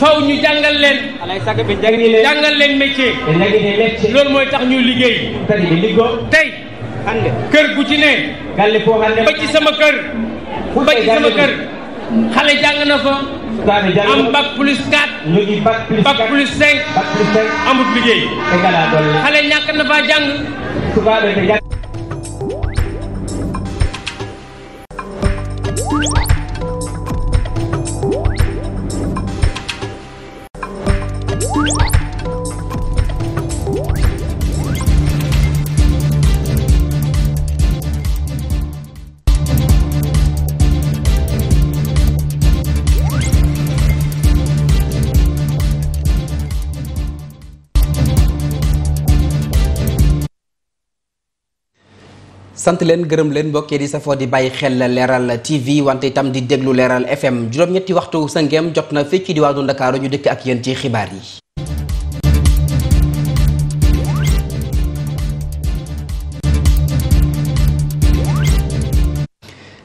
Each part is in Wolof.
faw ñu jàngal leen. jàngal leen métier. loolu mooy tax ñu liggéey. tey. kër gu ci ne. ba ci sama kër. ba ci sama kër. xale jàng na fa. am bac plus 4. ñu ngi bac plus 4 bac plus 5. amut liggéey. xale ñàkk na faa sant leen gërëm leen mbokk di safoo di bàyyi xel leeral TV wante itam di déglu leeral FM juróom-ñetti waxtu sa ngeem jot na fii ci diwaanu Ndakaaru ñu dëkk ak yéen ci xibaar yi.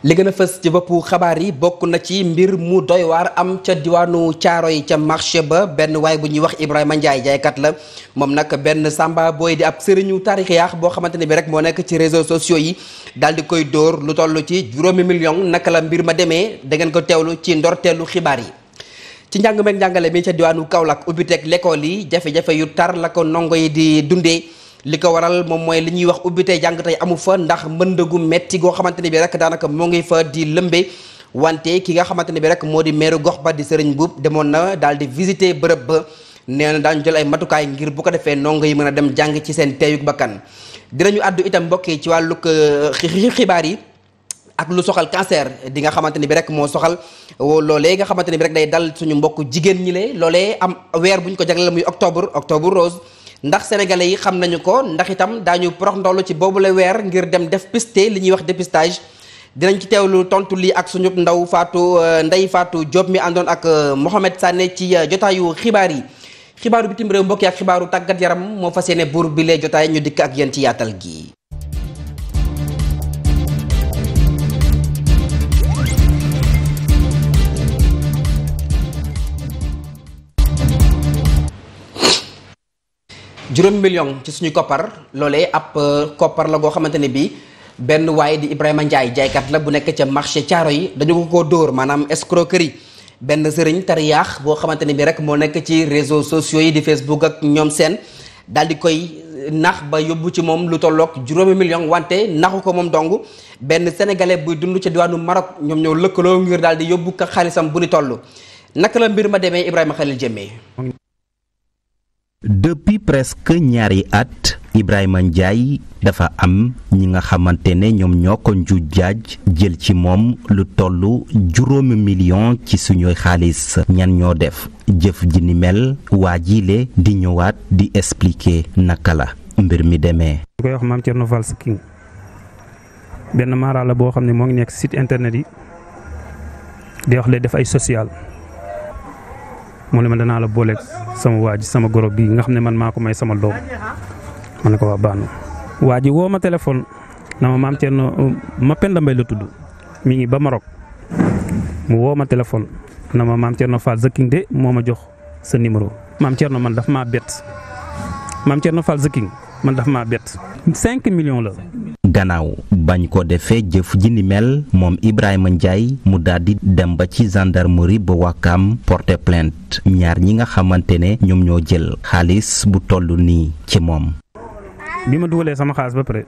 li gën a fës ci boppu xabaar yi bokk na ci mbir mu doy waar am ca diwaanu caaro yi ca marché ba benn waay bu ñuy wax Ibrahima Ndiaye jaaykat la moom nag benn samba booy de ab sëriñu taarix yaax boo xamante ne bi rek moo nekk ci réseau sociaux yi daal di koy dóor lu toll ci juróomi million naka la mbir ma demee da ngeen ko teewlu ci ndorteelu xibaar yi. ci njàng meeg njàngale mi ca diwaanu Kaolack ubbiteeg l'école yi jafe-jafe yu tar la ko ndongo yi di dundee. li ko waral moom mooy li ñuy wax ubbi tey jàng tey amu fa ndax mbëndëgu metti goo xamante ne bi rek daanaka moo ngi fa di lëmbe wante ki nga xamante ne bi rek moo di meeru gox ba di sëriñ buub demoon na daal di bërëb ba nee na daañu jël ay matukaay ngir bu ko defee ndongo yi mën a dem jàng ci seen teeyug bakkan dinañu àddu itam mbokk yi ci wàllug euh, xibaar yi ak lu soxal cancer di nga xamante ni bi rek moo soxal loolee nga xamante ni bi rek day dal suñu mbokk jigéen ñi le loolee am weer bu ñu ko jagleel muy octobre octobre rose ndax sénégalais yi xam nañu ko ndax itam daañu porox ndollu ci la weer ngir dem def piste li ñuy wax dépistage dinañ ci teewlu tontu lii ak suñu ndaw Fatou euh, Ndeye Fatou jot mi àndoon ak euh, Mohamed Sané ci euh, jotaayu xibaar yi xibaaru bitim réew mbokk ak xibaaru tàggat yaram moo fas yéene buur bi lee jotaay ñu dikk ak yéen ci yaatal gi. juróom million ci suñu koppar loolee ab euh, koppar la goo xamante ne bii benn waaye di Ibrahima Ndiaye jaaykat la bu nekk ca marché caaro yi dañu ko koo dóor maanaam escroquerie benn sëriñ tariyaax boo xamante ne bii rek moo nekk ci réseau sociaux yi di Facebook ak ñoom seen daal di koy euh, nax ba yóbbu ci moom lu tolloog juróomi million wante naxu ko moom dong benn sénégalais buy dund ca diwaanu Maroc ñoom ñoo lëkkaloo ngir daal di yóbbu ka xaalisam bu ni toll naka la mbir ma demee Ibrahima Khalil Jëmmee depuis presque ñaari at Ibrahima Ndiaye dafa am ñi nga xamante ne ñoom ñoo ko nju jaaj jël ci moom lu toll juróomi million ci suñuy xaalis ñan ñoo def jëf ji ni mel waa jiile di ñëwaat di expliquer naka la mbir mi demee. ñu koy wax maam Thierno Fall King benn maara la boo xam ne moo ngi nekk site internet yi di wax lay def ay social. mu ne ma danaa la booleeg sama waa ji sama goro bii nga xam ne man maa ko may sama doom ma ne ko waa baanu waa ji woo ma téléphone na ma maam Thierno ma Penda la tudd mi ngi ba Maroc mu woo ma téléphone na ma maam Thierno Fall Zaking de moo ma jox sa numéro maam Thierno man daf maa bett maam Thierno Fall Zaking man daf maa bett 5 millions la. gannaaw bañ koo defee jëf ji ni mel moom Ibrahima njaay mu daldi dem ba ci mori ba wàkkaam porter plainte ñaar ñi nga xamante ne ñoom ñoo jël xaalis bu toll nii ci moom. bi ma dugalee sama xaalis ba pare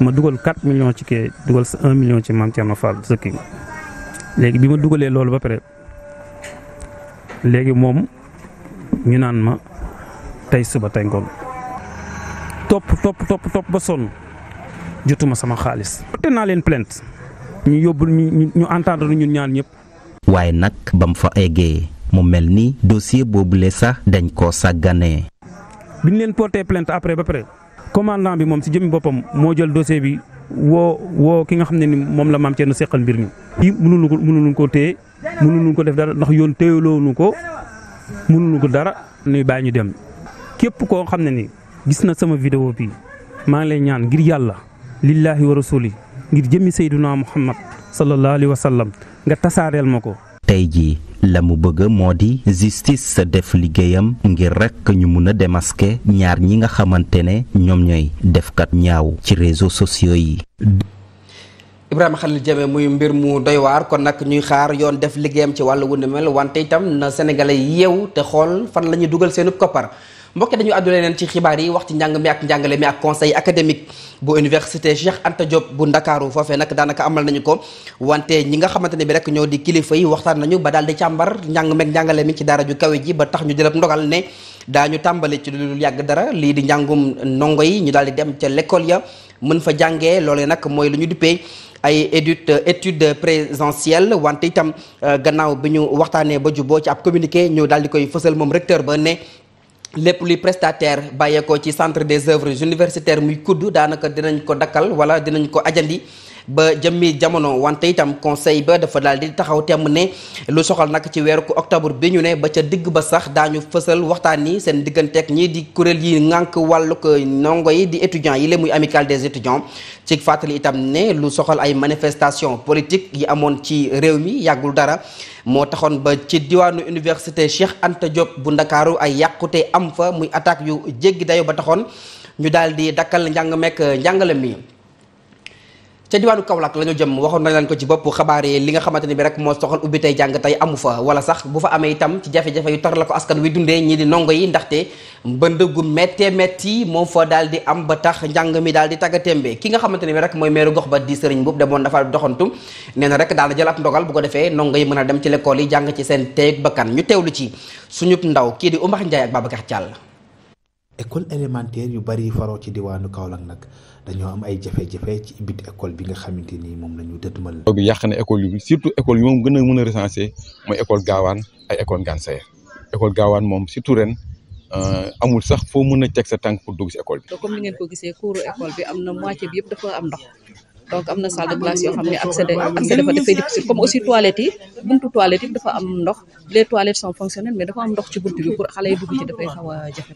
ma dugal 4 millions ci kee dugal sa 1 ci maam Thierno Fall sëkki léegi bi ma dugalee loolu ba pare léegi moom ñu naan ma tey suba tey ngoon topp topp topp topp ba sonn jotuma sama xaalis. te naa leen plainte ñu yóbbu ñu ñu entendre ñu ñaan ñëpp. waaye nag ba mu fa eggee mu mel ni dossier boobule sax dañ koo sàgganee. bi ñu leen porté plainte après ba pare commandant bi moom si jëmi boppam moo jël dossier bi woo woo ki nga xam ne ni moom la maam Thierno seqal mbir mi. kii mënuñu ko mënuñu ko téye mënuñu ko def dara ndax yoon téyeloonu ko mënuñu ko dara. nuy bàyyi ñu dem képp koo gis na sama vidéo bi maa ngi lay ñaan ngir yàlla lillahi wa rasuli ngir jëmmi sayduna muhammad sallallahu alayhi wa sallam nga tasaareel ma ko. tey jii la mu bëgg moo di justice sa def liggéeyam ngir rekk ñu mun a démasquer ñaar ñi nga xamante ne ñoom ñooy defkat ñaaw ci réseaux sociaux yi. Ibrahima Khalil jame muy mbir mu doy waar kon nag ñuy xaar yoon def liggéeyam ci wàllu wu mel wante itam na sénégalais yeewu te xool fan la ñuy dugal seeni koppar. mbokk dañu àddu leneen ci xibaar yi wax ci njàng mi ak njàngale mi ak conseil académique bu université Cheikh Anta Diop bu ndakaaru foofee nag daanaka amal nañu ko wante ñi nga xamante ne bi rek ñoo di kilifa yi waxtaan nañu ba daal di càmbar njàng meeg njàngale mi ci daara ju kawe ji ba tax ñu jëlab ndogal ne daañu tàmbali ci lu yàgg dara lii di njàngum ndongo yi ñu daal di dem ca lekkool ya mën fa jàngee loole nag mooy lu ñu duppee ay étude étude présentielle wante itam euh, gannaaw bi ñu waxtaanee ba juboo ci ab communiqué ñu daal di koy fësal moom recteur ba ne lépp luy prestataire bàyyeekoo ci centre des œuvres universitaires muy kudd daanaka dinañ ko dakkal wala dinañ ko ajandi ba jëmmi jamono wante itam conseil ba dafa daal di taxaw temm ne lu soxal nag ci weeru octobre bi ñu ne ba ca digg ba sax daañu fësal waxtaan yi seen digganteeg ñii di kuréel yi ŋànk wàllu ko ndongo yi di étudiants yi la muy amicale des étudiants ci fàttali itam ne lu soxal ay manifestation politique yi amoon ci réew mi yàggul dara moo taxoon ba ci diwaanu université Cheikh Anta Diop bu Ndakaaru ay yàqute am fa muy attaque yu jéggi dayo ba taxoon ñu daal di dakkal njàng mekk njàngale mi ca diwaanu Kaolack la ñu jëm waxoon nañ leen ko ci bopp xabaar yi li nga xamante ni bi rek moo soxal ubbi tey jàng tey amu fa wala sax bu fa amee itam ci jafe-jafe yu ko askan wi dundee ñii di ndongo yi ndaxte mbënd gu méttee métti moom fa daal di am ba tax njàng mi daal di tagga témbe ki nga xamante ni bi rek mooy meeru gox ba di sëriñ boobu demoon dafa doxantu nee na rek daal di jël ab ndogal bu ko defee ndongo yi mën a dem ci l'école yi jàng ci seen teeg bakkan ñu teewlu ci suñu ndaw kii di Oumar Ndiaye ak Babacar Thiall école élémentaire yu bari faroo ci diwaanu Kaolack nag dañoo am ay jafe-jafe ci bit école bi nga xamante ni moom la ñu dëdmal. bi yàq na école yu surtout école yi moom gën a mën a recensé mooy école gaawaan ay école Gansaye école gaawaan moom surtout ren euh, amul sax foo mun a teg sa tànk pour dugg si école bi. comme ni ngeen ko gisee cours école bi am na moitié bi yëpp dafa am ndox. donc am na salle de classe yoo xam ne accès de accès dafa dafay difficile aussi toilettes yi buntu toilettes yi dafa am ndox les toilettes sont fonctionnelles mais dafa am ndox ci buntu bi pour xale yi dugg ci dafay xaw a jafe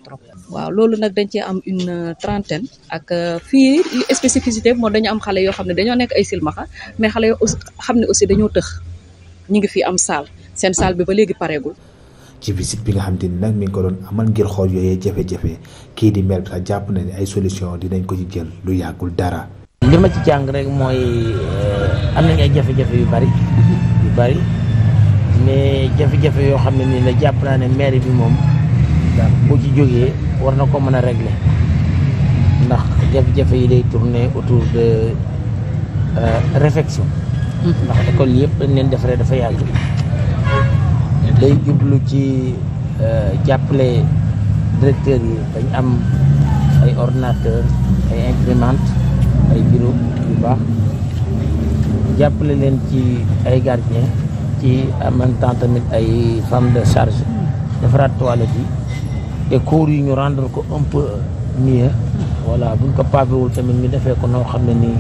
loolu nag dañ cee am une euh, trentaine ak euh, fii spécificité bi moom dañu am xale yoo xam ne dañoo nekk ay silmaxa mais xale yoo xam ne aussi dañoo tëx ñi ngi fii am salle seen salle bi ba léegi pareegul ci visite bi nga xam te ni mi ngi ko doon amal ngir xool yooyee jafe-jafe kii di maire jàpp na ne ay solution dinañ ko ci jël lu yàggul dara li ma ci jàng rek mooy eh, am na ay jafe-jafe yu bari yu bari mais jafe-jafe yoo xam ne nii la jàpp naa ne maire bi moom bu ci jógee war na ko mën a régle ndax jafe-jafe yi day tourner autour de euh, réflexion mm-hmm. ndax école yëpp dañ leen defaree dafa yàgg day jublu ci euh, jàppale directeur yi dañ am ay ordinateur ay imprimante ay bureau jàppale leen ci ay gardien ci en même temps tamit ay femme de charge defaraat toilette yi et cours yi ñu rendre ko un peu mieux voilà buñ ko pavewul tamit ñu defee ko noo xam ne nii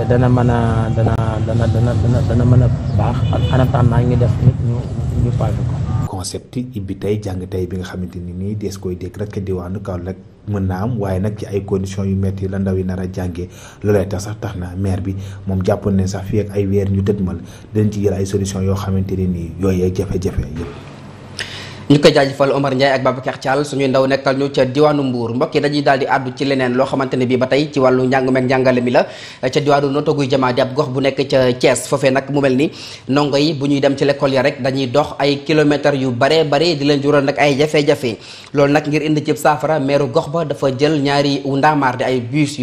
eh, dana mën a dana dana dana dana mën a baax en attendant ñu def nit ñu ñu pavé ko concept ibbi tey jàng tey bi nga xamante ni nii dees koy dégg rek diwaanu Kaolack mën naa am waaye nag ci ay conditions yu metti la ndaw yi nar a jàngee loolee tax sax tax na maire bi moom jàpp ne sax fii ay weer ñu mal dañ ci jël ay solution yoo xamante ne nii yooyee jafe-jafe yëpp ñu koy jaajëfal Omar Ndiaye ak Babacar Thial suñuy ndaw nekkal ñu ca diwaanu Mbour mbokk dañuy daal àddu ci leneen loo xamante ne bii ba tey ci wàllu njàngum njàngale mi la ca diwaanu Nottoguy Jamaa di ab gox bu nekk ca Thiès foofee nag mu mel ni ndongo yi bu ñuy dem ci l'école ya rek dañuy dox ay kilomètres yu bare bare di leen jural nag ay jafe-jafe loolu nag ngir indi cib saafara meeru gox ba dafa jël ñaari ndaamaar di ay bus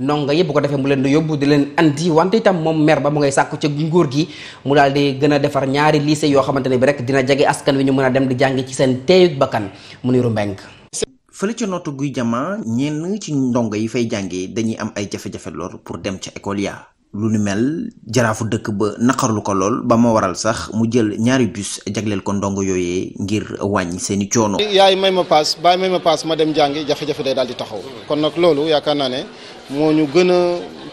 ndongo yi ko defee mu leen di yóbbu di leen andi wante itam moom mer ba mu ngay sàkku ci nguur gi mu daal di gën a defar ñaari lycée yoo xamante ne bi rek dina jege askan wi ñu mën a dem di jàngi ci seen teeyug bakkan mu niru mbeng fële ca nootu guy jama ñenn ci ndongo yi fay jàngee dañuy am ay jafe-jafe lool pour dem ca école ya lu ni mel jaraafu dëkk ba naqarlu ko lool ba ma waral sax mu jël ñaari bus jagleel ko ndongo yooyee ngir wàññi seen i coono. yaay may ma paas baay may ma paas ma dem jàngi jafe-jafe day daal di taxaw kon nag loolu yaakaar naa ne moo ñu gën a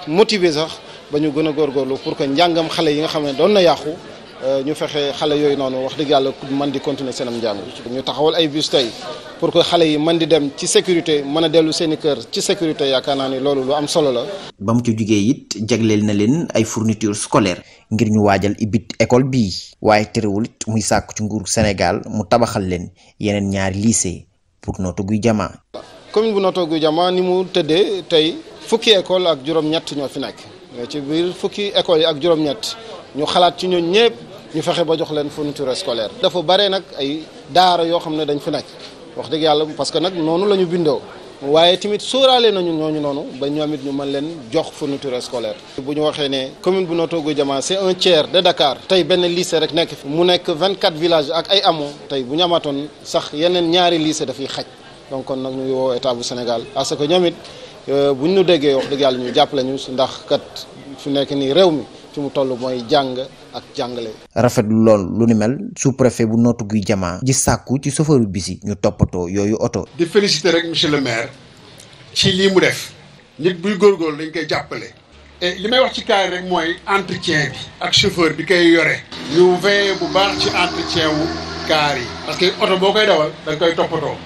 motiver sax ba ñu gën a góorgóorlu pour que njàngam xale yi nga xam ne doon na yàqu. Euh, ñu fexe xale yooyu noonu wax dëgg yàlla man di continuer seenam njàng ñu taxawal ay bus tey pour que xale yi man di dem ci sécurité mën a dellu seeni kër ci sécurité yaakaar naa ni loolu lu am solo la. ba mu ci jugee it jegleel na leen ay fourniture scolaire ngir ñu waajal ibit école bii waaye terewul it muy sàkku ci nguuru Sénégal mu tabaxal leen yeneen ñaari lycée pour Notto Gouye jamaa commune bu Notto Gouye Diama ni mu tëddee tey fukki école ak juróom ñoo fi nekk ci biir fukki école yi ak juróom ñu xalaat ci ñooñu ñëpp. ñu fexe ba jox leen fourniture scolaire dafa bare nag ay daara yoo xam ne dañ fi nekk wax dëgg yàlla parce que nag noonu la ñu bindoo waaye tamit sóoraale nañu ñooñu noonu ba ñoom ñu mën leen jox fourniture scolaire. bu ñu waxee ne commune bu Notto Gouye Diama c'est un tiers de Dakar. tey benn lycée rek nekk fi mu nekk vingt 24 villages ak ay amoo tey bu ñu amatoon sax yeneen ñaari lycée dafay xaj donc kon nag ñu ngi woo état bu Sénégal parce que ñoom it euh, bu ñu déggee wax dëgg yàlla ñu jàppale ñu ndax kat fi nekk nii réew mi fi mu toll mooy jàng. ak jàngale. rafetlu lool lu ni mel sous préfet bu nootu guy jamaa ji sàkku ci chauffeur bis yi ñu toppatoo yooyu oto. di féliciter rek monsieur le maire ci lii mu def nit buy góorgóorlu dañ koy jàppale. li may wax ci kaay rek mooy entretien bi ak chauffeur bi koy yore. ñu veillé bu baax ci entretien wu kaar yi. parce que boo koy dawal da koy toppatoo.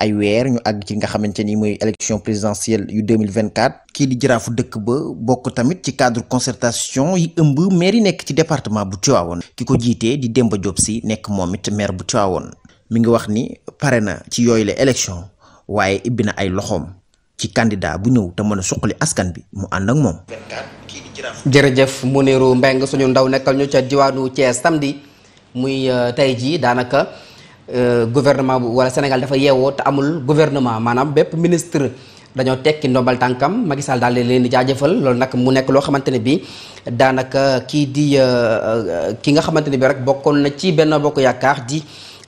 ay weer ñu àgg ci nga xamante ni mooy élection présidentielle yu 2024 kii di jaraafu dëkk ba bokk tamit ci cadre concertation yi ëmb maire yi nekk ci département bu Tivaouane ki ko jiitee di Demba Diop Sy nekk moom it maire bu Tivaouane mi ngi wax ni pare na ci yooyu la élection waaye ibbi na ay loxoom ci candidat bu ñëw te mën a suqali askan bi mu ànd ak moom. jërëjëf Mounirou Mbengue suñu ndaw nekkal ñu ca diwaanu Thiès samedi muy euh, tey jii daanaka. Euh, gouvernement bu wala Sénégal dafa yeewoo te amul gouvernement maanaam bépp ministre dañoo tekki ndombal tànkam Macky daal leen di jaajëfal loolu nag mu nekk loo xamante ne bi daanaka kii di euh, euh, ki nga xamante ne bi rek bokkoon na ci benn bokk yaakaar di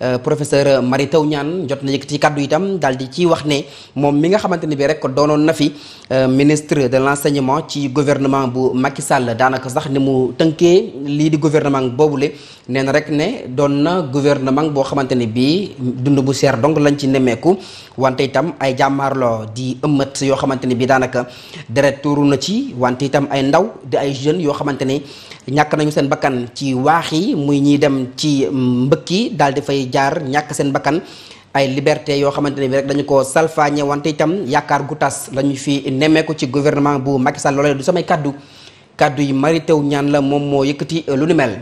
Euh, professeur Mary Teuw Niane jot na yëkkati kàddu itam daal di ci wax ne moom mi nga xamante ni bi rek doonoon na fi euh, ministre de l'enseignement ci gouvernement bu Macky sàll daanaka sax ni mu tënkee lii di gouvernement boobule nee na rek ne doon na gouvernement boo xamante ni bii dund bu seer donc lañ ci nemmeeku wante itam ay jàmmaarloo di ëmmat yoo xamante ni bii daanaka deret tuuru na ci wante itam ay ndaw di ay jeunes yoo xamante ni ñàkk nañu seen bakkan ci waax yi muy ñiy dem ci mm, mbëkk yi daal di fay jaar ñàkk seen bakkan ay liberté yoo xamante ne bi dañu ko salfaañe wante itam yaakaar gu tas la ñu fi nemmeeku ci gouvernement bu Macky Sall du samay kaddu kàddu yi mari Teuw ñaan la moom moo yëkkati lu ni mel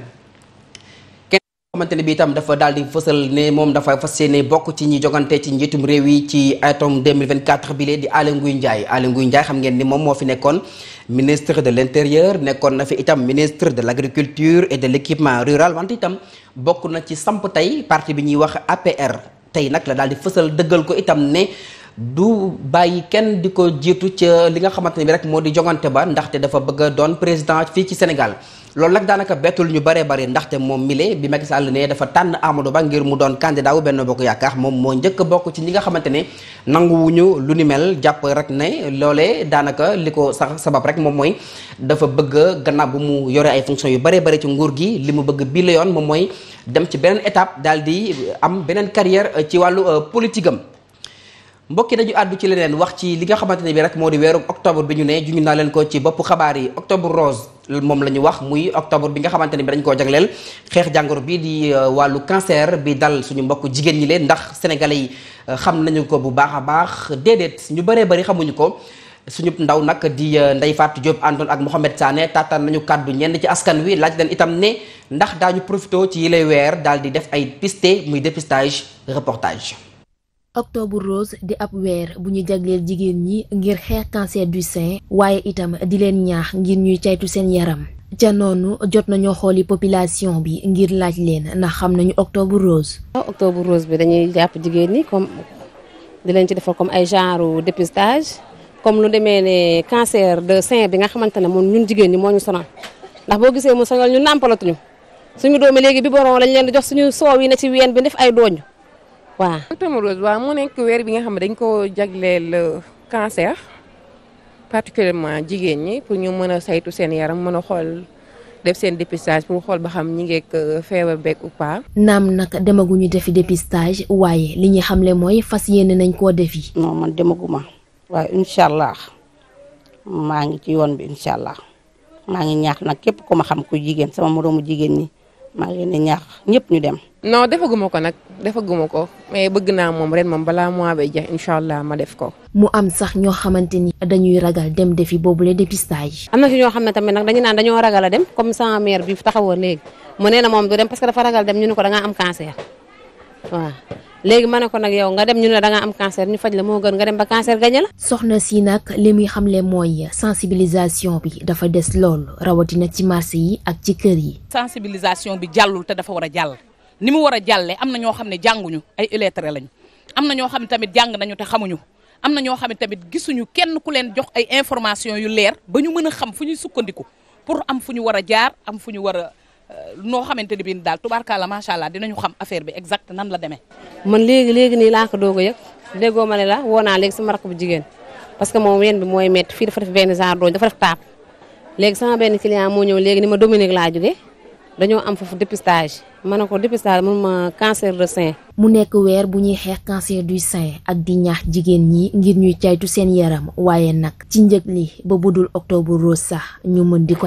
xamante ne bi itam dafa daal di fësal ne moom dafa fas yéene bokk ci ñi jogante ci njiitum réew yi ci atum 2024 bi lee di Aly Ngouille Ndiaye Aly Ngouille Ndiaye xam ngeen ni moom moo fi nekkoon ministre de l'intérieur nekkoon na fi itam ministre de l'agriculture et de l'équipement rural wante itam bokk na ci samp tey partie bi ñuy wax APR tey nag la daal di fësal dëggal ko itam ne du bàyyi kenn di ko jiitu ca li nga xamante ne bi rek moo di jongante ba ndaxte dafa bëgg a doon président fii ci Sénégal loolu nag daanaka bettul ñu bare bare ndaxte moom mile bi Macky Sall ne dafa tànn amado Ba ngir mu doon candidat wu benn Bokk Yaakaar moom moo njëkk bokk ci ñi nga xamante ne nanguwuñu lu ni mel jàpp rek ne loole daanaka li ko sax sabab rek moom mooy dafa bëgg gannaaw bu mu yore ay fonctions yu bare bare ci nguur gi li mu bëgg bi yoon moom mooy dem ci beneen étape daal di am beneen carrière ci wàllu euh, politique mbokki dañu àddu ci leneen wax ci li nga xamante ne bi rek moo di weeru octobre bi ñu ne juñu naa leen ko ci bopp xabaar yi octobre rose moom la ñu wax muy octobre bi nga xamante ne bi dañ koo jagleel xeex jàngoro bi di euh, wàllu cancer bi dal suñu mbokk jigéen ñi leen ndax sénégalais yi euh, xam nañu ko bu baax a baax déedéet ñu bëree bëri xamuñu ko suñu ndaw nag di euh, Ndeye Fatou Diop àndoon ak Mouhamed Sané taataan nañu kàddu ñenn ci askan wi laaj leen itam ne ndax daañu profité ci yilay weer daal di def ay piste muy dépistage reportage octobre rose di ab weer bu ñu jagleel jigéen ñi ngir xeex cancer du sein waaye itam di leen ñaax ngir ñuy caytu seen yaram ca noonu jot nañoo xooli population bi ngir laaj leen ndax xam nañu octobre rose. octobre rose bi dañuy jàpp jigéen ñi comme di leen ci defal comme ay genre dépistage comme lu demee ne cancer de sein bi nga xamante ne moom ñun jigéen ñi moo ñu sonal ndax boo gisee mu sonal ñu nàmpalatuñu suñu doomi léegi bi borom lañ leen di jox suñu soow yi ne ween bi def ay dooñu. waa Octobre Rose waaw nekk weer bi nga xam ne dañ ko jagleel euh, cancer particulièrement jigéen ñi pour ñu mën a saytu seen yaram mën a xool def seen dépistage pour xool ba xam ñi ngeeg euh, feebar beeg ou pas. naam nag demaguñu defi dépistage waaye li ñuy xamle mooy fas yéene nañ koo defi. non man demaguma waaye incha allah maa ngi ci yoon bi incha allah maa ngi ñaax nag képp ku ma xam ku jigéen sama moroomu jigéen ñi maa ngi leen ñaax ñëpp ñu dem. non defaguma ko nag defaguma ko mais bëgg naa moom ren moom balaa mois bay jeex incha allah ma def ko. mu am sax ñoo xamante ni dañuy ragal dem defi boobule dépistage. am na fi ñoo xam ne tamit nag dañu naan dañoo ragal a dem comme sama mère bi taxawoo léegi mu nee na moom du dem parce que ragal dem ñu ne ko da ngaa am cancer waaw. léegi ma ne ko nag yow nga dem ñu ne danga am cancer ñu faj la moo gën nga dem ba cancer gañe la. soxna si nag li muy xamle mooy sensibilisation bi dafa des lool rawatina ci marché yi ak ci kër yi. sensibilisation bi jàllul te dafa war a jàll. ni mu war a jàllee am na ñoo xam ne jànguñu ay illettrés lañu am na ñoo xam ne tamit jàng nañu te xamuñu am na ñoo xam ne tamit gisuñu kenn ku leen jox ay information yu leer ba ñu mën a xam fu ñuy sukkandiku pour am fu ñu war a jaar am fu ñu war a euh, noo xamante ni bii daal tubaarkalla macha allah dinañu xam affaire bi exact nan la demee. man léegi léegi nii laa ko doog a yëg déggoo ma ne la woo naa léegi sama rakk bu jigéen parce que moom ween bi mooy métti fii dafa def benn genre dooñ dafa def taab benn moo ñëw léegi ni ma Dominique laa jógee dañoo am foofu dépistage ma ne ko dépistage mun ma cancer de sein. mu nekk weer bu ñuy xeex cancer duy sein ak di ñax jigéen ñi ngir ñuy caytu seen yaram waaye nag ci njëg li ba budul octobre rose sax ñu mën di ko.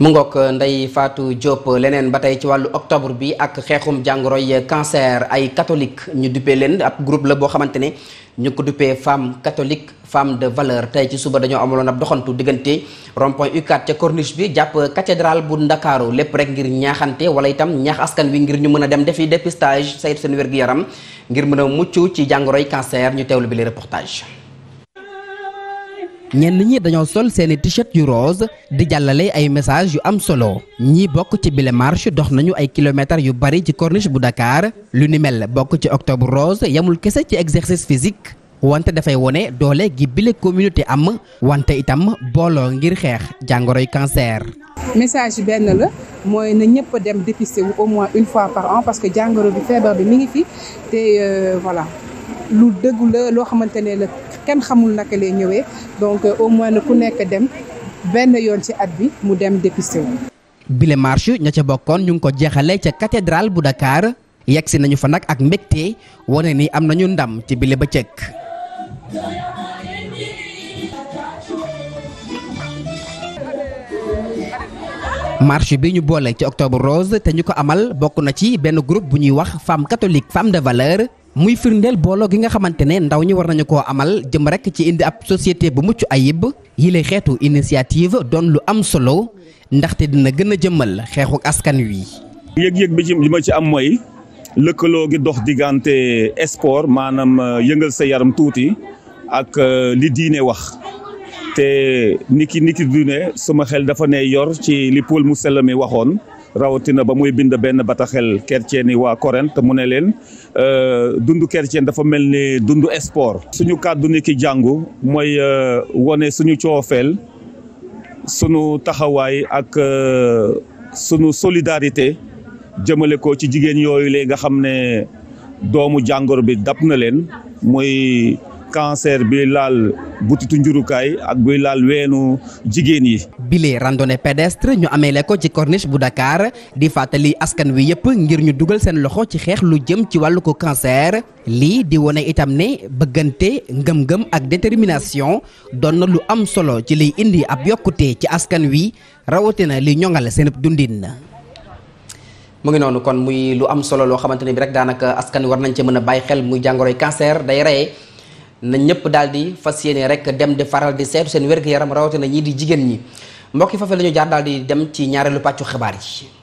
mu ngoog Ndeye Fatou Diop leneen ba tey ci wàllu octobre bi ak xeexum jàngoroy cancer ay catholique ñu dupe leen ab groupe la boo xamante ne ñu ko duppee femme catholique femme de valeur tey ci suba dañoo amaloon ab doxantu diggante rond-point u ca corniche bi jàpp cathédrale bu ndakaaru lépp rek ngir ñaaxante wala itam ñaax askan wi ngir ñu mën a dem defi dépistage saytu seen wér yaram ngir mën a mucc ci jàngoroy cancer ñu teewlu bi le reportage ñenn ñi dañoo sol seeni t-shirt yu rose di jàllale ay message yu am solo ñii bokk ci bile marche dox nañu ay kilomètres yu bari ci corniche bu Dakar lu ni mel bokk ci octobre rose yamul kese ci exercice physique wante dafay wone doole gi bile communauté am wante itam booloo ngir xeex jàngoroy cancer. message benn la mooy na ñëpp dem dépister wu au moins une fois par an parce que jàngoro bi feebar bi mu ngi fi te euh, voilà lu dëgg la loo xamante ne la. kenn xamul naka lay ñëwee donc euh, au moins na ku nekk dem benn yoon ci at bi mu dem dépisté bile marche ña ca bokkoon ñu ngi ko jeexale ca cathédrale bu Dakar yegsi nañu fa nag ak mbégte wone ni am nañu ndam ci bile bëccëg. marche bi ñu boole ci octobre rose te ñu ko amal bokk na ci benn groupe bu ñuy wax femme catholique femme de valeur. muy firndeel booloo gi nga xamante ne ndaw ñi war nañu ko amal jëmm rek ci indi ab société bu mucc ayib yi lay xeetu initiative doon lu am solo ndaxte dina gën a jëmmal xeexu askan wii yëg-yëg bi ci li ma ci am mooy lëkkaloo gi dox diggante sport maanaam euh, yëngal sa yaram tuuti ak euh, li diine wax te ni ki ni ki diine sama xel dafa ne yor ci li Paul Musella mi waxoon rawatina ba muy bind benn bataxel chrétien yi waa Corinthe mu ne leen. Euh, dundu chrétien dafa mel ni dundu sport. suñu kàddu ni ki jàngu mooy euh, wone suñu coofeel suñu taxawaay ak euh, suñu solidarité jëmale ko ci jigéen yooyu léegi nga xam ne doomu jàngoro bi dab na leen mooy cancer bi laal butitu njurukaay ak buy laal weenu jigéen yi. bile randonnée pédestre ñu amee lekko ci corniche bu Dakar di fàttali askan wi yëpp ngir ñu dugal seen loxo ci xeex lu jëm ci wàllu ko cancer lii di wone itam ne bëggante ngëm-ngëm ak détermination doon na lu am solo ci liy indi ab yokkute ci askan wi rawatina li ñoŋal seen dundin. mu ngi noonu kon muy lu am solo loo xamante ne bi rek daanaka askan war nañ ci mën a bàyyi xel muy jàngoroy cancer na ñëpp daal di fas yéene rek dem di faral di seetu seen wér yaram rawatina ñii di jigéen ñi mbokki yi fafee la ñu jaar daal di dem ci ñaareelu pàccu xibaar yi.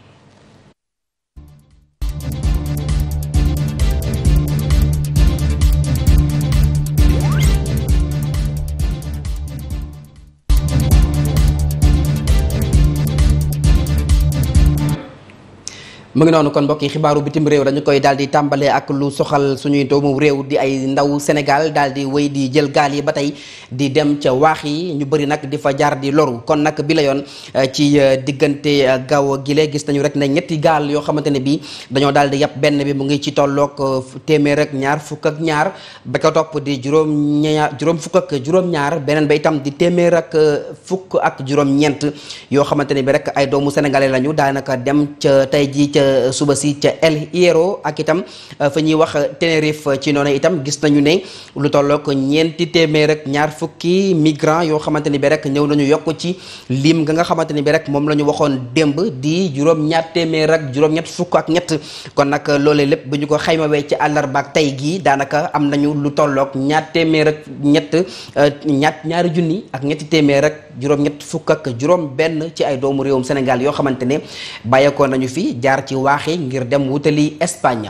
mu ngi noonu kon mbokk yi xibaaru bitim réew dañu koy daal di tàmbalee ak lu soxal suñuy doomu réew di ay ndaw Sénégal daal di wéy di jël gaal yi ba tey di dem ca waax yi ñu bëri nag di fa jaar di loru kon nag bi la yoon eh, ci eh, diggante eh, gaaw gile gis nañu rek na ñetti gaal yoo xamante ne bii dañoo daal di yàpp benn bi mu ngi ci tolloog téeméer ak ñaar fukk ak ñaar ba ko topp di juróom ñaar juróom fukk ak juróom-ñaar beneen ba itam di téeméer ak fukk ak juróom yoo xamante ne bi ay doomu sénégalais lañu daanaka dem Euh, suba si ca El Hierro ak itam euh, fa ñuy wax Tenerife ci noonu itam gis nañu ne lu tollook ñeenti téeméer ak ñaar fukki migrants yoo xamante ni bi rek ñëw nañu yokk ci lim nga nga xamante ni bi rek moom la ñu waxoon démb di juróom-ñaar téeméer ak juróom-ñett fukk ak ñett kon nag loolee lépp bu ñu ko xaymawee ci àllarba ak tey gii daanaka am nañu lu tollook ñaar téeméer ñett euh, ñaat ñaari junni ak ñetti téeméer ak juróom-ñett fukk benn ci ay doomu réewum Sénégal yoo xamante ne nañu fi jaar ci ci waaxi ngir dem wutali Espagne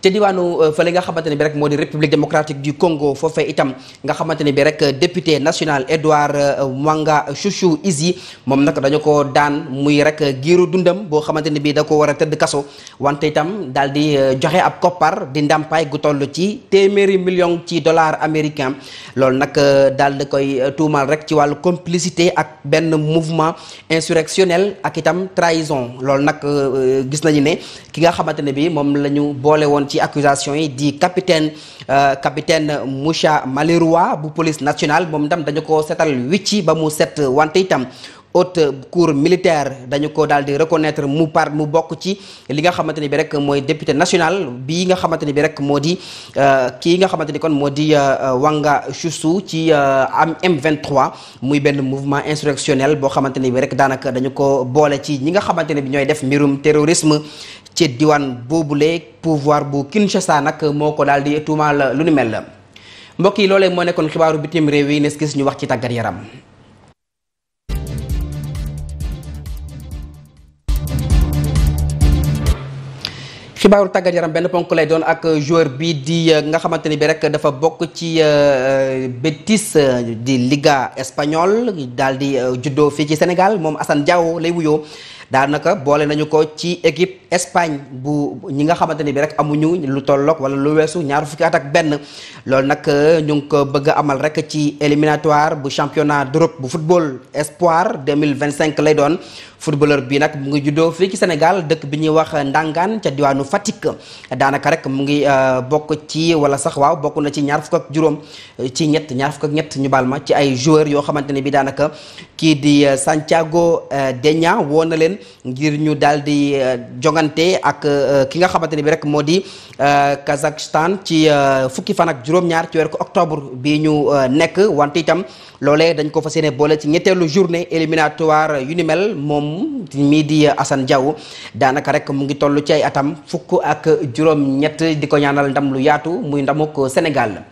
ca diwaanu euh, li nga xamante ne bi rek moo di république démocratique du Congo foofee itam nga xamante ne bi rek euh, député national Edouard euh, Mwanga Chouchou Izi moom nag dañu ko daan muy rek giiru dundam boo xamante ne bi da ko war a tëdd kaso wante itam daal di joxe ab koppar di ndàmpaay gu toll ci téeméeri million ci dollar américain loolu nag daal di koy tuumaal rek ci wàllu complicité ak benn mouvement insurrectionnel ak itam trahison loolu nag gis nañu ne ki nga xamante ne bi moom la boole woon ci accusation yi di capitaine euh, capitaine Moussa Maliroa bu police nationale moom itam dañu ko setal wicci ba mu set wante itam haute cour militaire dañu ko daal di reconnaître mu par mu bokk ci li nga xamante ni bi rek mooy député national bii nga xamante ni bi rek moo di euh, kii nga xamante ni kon moo di euh, Wanga Choussou ci euh, am M23 muy benn mouvement insurrectionnel boo xamante ni bi rek daanaka dañu ko boole ci ñi nga xamante ni bi ñooy def mbirum terrorisme ci diwaan boobule pouvoir bu Kinshasa nag moo ko daal di tuumaal lu nu mel mbokk yi loolee moo nekkoon xibaaru bitim réew yi nes gis ñu wax ci tàggat yaram xibaaru tàggat yaram benn ponk lay doon ak joueur bi di euh, nga xamante ni bi rek dafa bokk ci euh, euh, Betis di Liga espagnole daal di juddoo fii ci Sénégal moom assan Diao lay wuyoo daanaka boole nañu ko ci équipe Espagne bu ñi nga xamante ni bi rek amuñu lu tollook wala lu weesu ñaar fukki at ak benn loolu nag ñu ngi ko bëgg amal rek ci éliminatoire bu championnat d'Europe bu football espoir 2025 lay doon footballeur bi nag mu ngi juddoo fii ci Sénégal dëkk bi ñuy wax Ndangaan ca diwaanu Fatick daanaka rek mu ngi euh, bokk ci wala sax waaw bokk na ci ñaar fukk ak juróom euh, ci ñett ñaar fukk ak ñett ñu baal ma yoo xamante ne bi daanaka kii di euh, Santiago Deña woo na ngir ñu daal di jongante ak ki nga xamante ne bi rek moo di Kazakhstan ci fukki fan ak juróom octobre bi ñu nekk wante itam loole dañ ko fa yéene boole ci ñetteelu journée éliminatoire yu ni mel moom mii di Assane Diaw daanaka rek mu ngi toll ci ay atam fukk ak juróom-ñett di ko ñaanal ndam lu yaatu muy ndamuk Sénégal.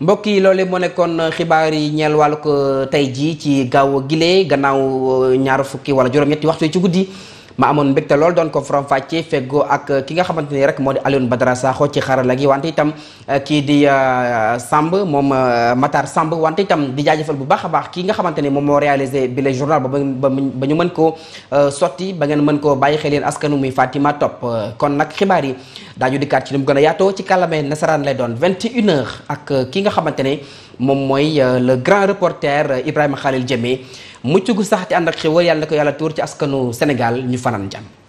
mbokk yi loole moo nekkoon xibaar yi ñeel wàllu ko tey jii ci gaaw gile gannaaw ñaar fukki wala juróom-ñetti waxtu ci guddi. ma amoon mbégte lool doon ko faram fàcce feggoo ak euh, ki nga xamante ni rek moo di Alioune dara Sakho ci xarala gi wante itam euh, kii di euh, Samb moom Matar Samb wante itam di jaajëfal bu baax a baax kii nga xamante ni moom moo réalisé bi le journal ba ba ñu mën koo sotti ba ngeen mën koo bàyyi xel yéen askanu muy Fatima topp kon nag xibaar yi daañu dikkaat ci ni mu gën a yaatoo ci kàllaame nasaraan lay doon 21 heures ak kii nga xamante ne moom mooy euh, le grand reporter euh, Ibrahima Khalil Jame mucc gu sax te ànd ak xéwal yàlla ko yàlla tuur ci askanu Sénégal ñu fanaan jàmm